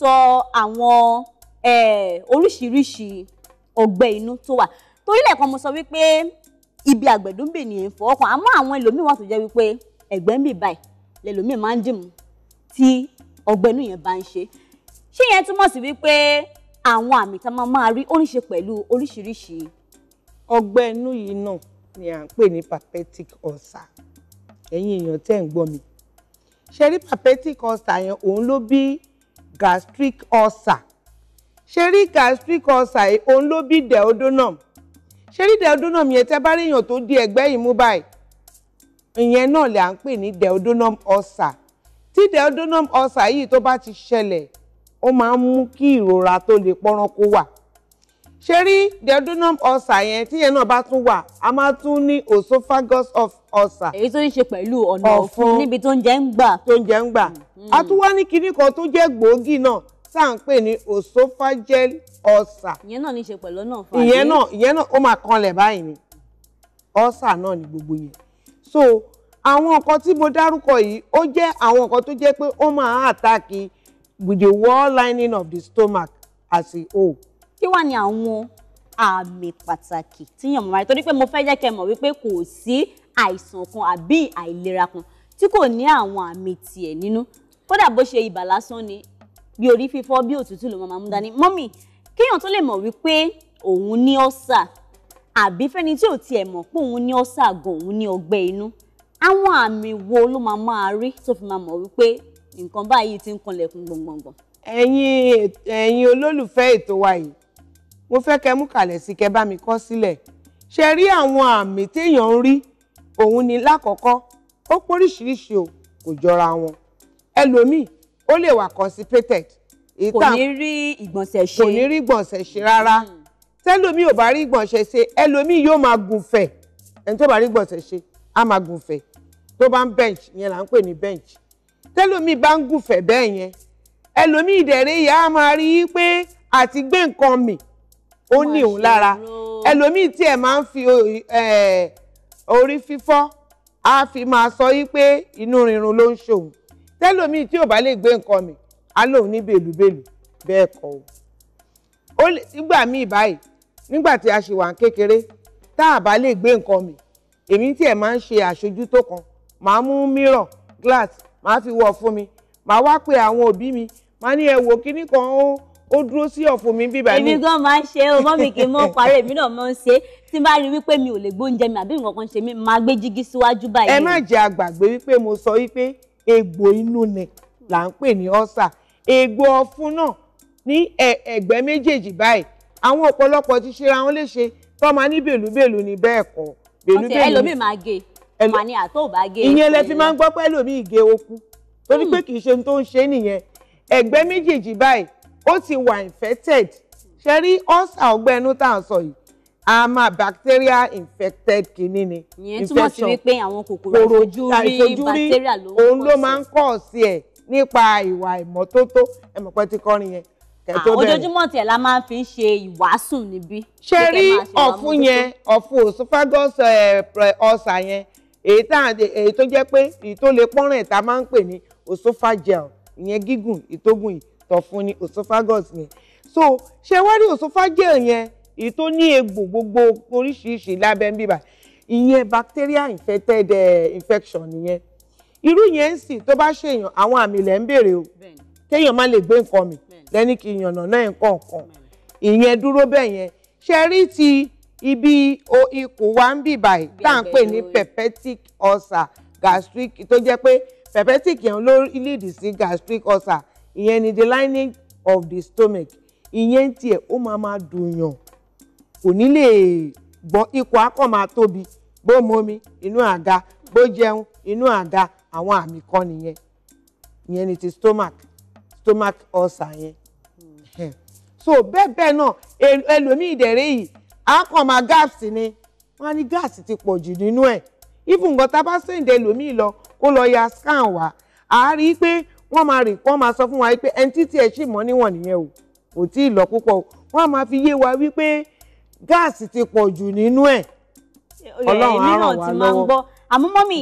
sọ àwọn eh, oríṣiríṣi ọgbẹ́ inú tó wà torí lẹ́ẹ̀kan mo sọ wípé ibi àgbẹ̀dúnbì ni èèyàn fọwọ́ kan àmọ́ àwọn ẹlòmíì wà tó jẹ́ wípé ẹ̀gbẹ́ ń bì báyìí lẹ́lòmíì máa ń dìmú tí ọgbẹ́ inú yẹn bá ń ṣe ṣé yẹn túmọ̀ sí wípé àwọn àmì tá máa máa rí ó ní ṣe pẹ̀lú oríṣiríṣi. ọgbẹ́ inú yìí náà ni à ń pè ní papetic ulcer ẹ̀yin èèyàn tẹ́ ń gbọ́ mi ṣe rí papetic ulcer yẹn òun ló bí gastric ulcer ṣe rí gastric ulcer òun ló bí deodonum ṣe rí deodonum yẹn tẹ́ bá rí èèyàn tó di ẹ̀gbẹ́ yìí mú báyìí ìyẹn náà là ń pè ní deodonum ulcer tí deodonum ulcer yìí tó bá ti ṣẹlẹ̀ ó máa ń mú kí ìrora tó lè pọ́nrán kó wà ṣe rí duodenum ulcer yẹn tí yẹn náà bá tún wà a máa tún ní esophagus of ọ̀sà. èyí tó ń ṣe pẹ̀lú ọ̀nà ọ̀fun níbi tó ń jẹ́ ń gbà. tó ń jẹ́ ń gbà. Mm-hmm. a tún wá ní kinní kan tó jẹ́ gbòógì náà tá à ń pè ní osophageal ulcer. ìyẹn náà ní í ṣe pẹ̀lú ọ̀nà ọ̀fun. ìyẹn náà ìyẹn náà ó máa kanlẹ̀ báyìí ni ulcer náà ni gbogbo yẹn. so àwọn nǹkan tí mo dárúkọ yìí ó jẹ́ àwọn nǹkan tó jẹ́ pé ó máa attack with the wall lining of the stomach as a whole. kí wàá ní àwọn àmì pàtàkì tíyàn mọ̀ máa rí torí pé mo fẹ́ jẹ́ kẹ́ mọ̀ wípé kò sí àìsàn kan àbí àìlera kan tí kò ní àwọn àmì tiẹ̀ nínú kódà bó ṣe ibà lásán ni bí orí fífọ́ bí òtútù ló máa mú dání mọ́mì kéèyàn tó lè mọ̀ wípé òun ní ọ́sà àbí fẹ́ni tí ò tiẹ̀ mọ̀ pé òun ní ọ́sà gan òun ní ọgbẹ́ inú àwọn àmì wo ló máa máa rí tó fi máa mọ̀ wípé nǹkan báyìí ti ń kanlẹ̀kùn gbọ̀ngbọ̀ngbọ̀n. ẹ̀yin ẹ̀yin olólùfẹ́ ètò wa yìí mo fẹ́ kẹ́ mú kàlẹ̀ sí kẹ́ bá mi kọ sílẹ̀ ṣe rí àwọn àmì téèyàn ń rí òun ni lákọ̀ọ́kọ́ ó póríṣiríṣi o kò jọra wọn ẹlòmíì ó lè wà constipated kò ní rí ìgbọ̀nsẹ̀ ṣe kò ní rí ìgbọ̀nsẹ̀ ṣe rárá hmm. tẹ́lòmíì ò bá rí ìgbọ̀nsẹ̀ ṣe ẹlòmíì yóò máa gùnfẹ̀ ẹni tó bá rí ìgbọ̀nsẹ̀ ṣe á máa gùnfẹ̀ tó bá ń bench yẹn là ń pè ní bench tẹ́lòmíì bá ń gùnfẹ̀ bẹ́ẹ̀ yẹn ẹlòmíì ìdẹ̀rẹ̀ ìyá á máa rí i pé àti gbé nǹkan mì ó ní òun lára ẹlòmíì tí ẹ máa ń fi orí fífọ́ á fi máa sọ yí pé inú rírun ló ń ṣòun tẹ́lòmíì tí ò bá lè gbé nǹkan mi á lòun ní bèlúbèlú bẹ́ẹ̀ kọ́ o nígbà míì báyìí nígbà tí a ṣì wà kékeré tá a bá lè gbé nǹkan mi èmi tí ẹ̀ máa ń ṣe àṣojútó kan màá mú mìíràn glass màá fi wọ̀ fún mi màá wá pe àwọn òbí mi màá ní ẹ wò kíní kan ó ó dúró sí ọ̀fun mi bíbá ní. èmi gan máa ń ṣe é o mọ́ mi kì í mọ́ parẹ́ èmi náà máa ń ṣe é tí n bá rí wípé mi ò lè gbóúnjẹ mi àbí nǹkan kan ṣe mí máa gbé jígí síwájú báyìí. ẹ má jẹ́ àgbàgbé wípé mo sọ wípé egbò inú ni là ń pè ní ọ́sà egbò ọ̀fun náà ní ẹ̀gbẹ́ méjèèjì báyìí àwọn ọ̀pọ̀lọpọ̀ ti ṣera wọn léṣe tó máa ní bèlúbèlú ni bẹ́ẹ̀ kọ́ bèlúbèlú. ọtí ẹlòmíì máa ge màá ní àtọ́ ò bá ge. ìyẹn lẹ fi máa ń gbọ́ pé ẹlòmíì e hmm. méjèèjì báyìí ó ti wà infected ṣe rí ulcer ọgbẹ́ inú tá à ń sọ yìí a bacteria infected kìíní ni infection ìyẹn túmọ̀ sí wípé àwọn kòkòrò àìfojúrí bacteria ló ń pọ̀ sí òun ló máa ń kọ̀ sí ẹ̀ nípa ìwà ìmọ́tótó ẹ ti kọrin yẹn kẹtó ah, bẹ̀rẹ̀ ojoojúmọ́ tiẹ̀ la máa fi ń ṣe ìwàásù níbí. ṣe rí ọ̀fun yẹn ọ̀fun esophagus eh, ulcer yẹn èyí tó jẹ́ pé èyí tó lè pọ́nrẹ̀ ta máa ń pè ní esophageal ìyẹn gígùn ìtógùn yìí ọ̀fun ni esophagus ni so ṣé wá rí esophageal yẹn èyí tó ní egbò gbogbo oríṣiríṣi lábẹ́ ń bíbà ìyẹn bacterial infected eh, infection nìyẹn irú yẹn sì tó bá ṣèyàn àwọn àmì lẹ́ ń béèrè o téèyàn má lè gbé nǹkan mi lẹ́ni kì í yànnà náà nǹkan ìyẹn dúró bẹ́ẹ̀ yẹn ṣe rí ti ibi o ikùn wa ń bì báyìí tá à ń pè ní peptic ulcer gastric tó jẹ́ pé peptic yẹn ló lead sí gastric ulcer ìyẹn ni the lining of the stomach ìyẹn tiẹ̀ ó máa máa dùnyàn kò ní lè gbọ́ ikọ̀ akọ̀ máa tóbi bó momi inú àga bó jẹun inú àga àwọn àmì kan nìyẹn ìyẹn ni ti stomach stomach ulcer yẹn so bẹ́ẹ̀ bẹ́ẹ̀ náà ẹlòmíì ìdẹ̀rẹ́ yìí akọ̀ máa gas ni wọ́n á ní gas ti pọ̀ jù nínú ẹ̀ even nǹkan tá a bá sèǹdẹ̀ ẹlòmíì lọ kó lọ ya scan wá a rí i pé wọ́n máa rìn wọ́n máa sọ fún wa pé ẹni títí ẹ̀ sì mọ́ níwọ̀n nìyẹn o kò tí ì lọ púpọ̀ wọ́n máa fi yé wa wípé gáàsì ti pọ̀ jù nínú ẹ̀ ọlọ́run á ràn wá lọ́wọ́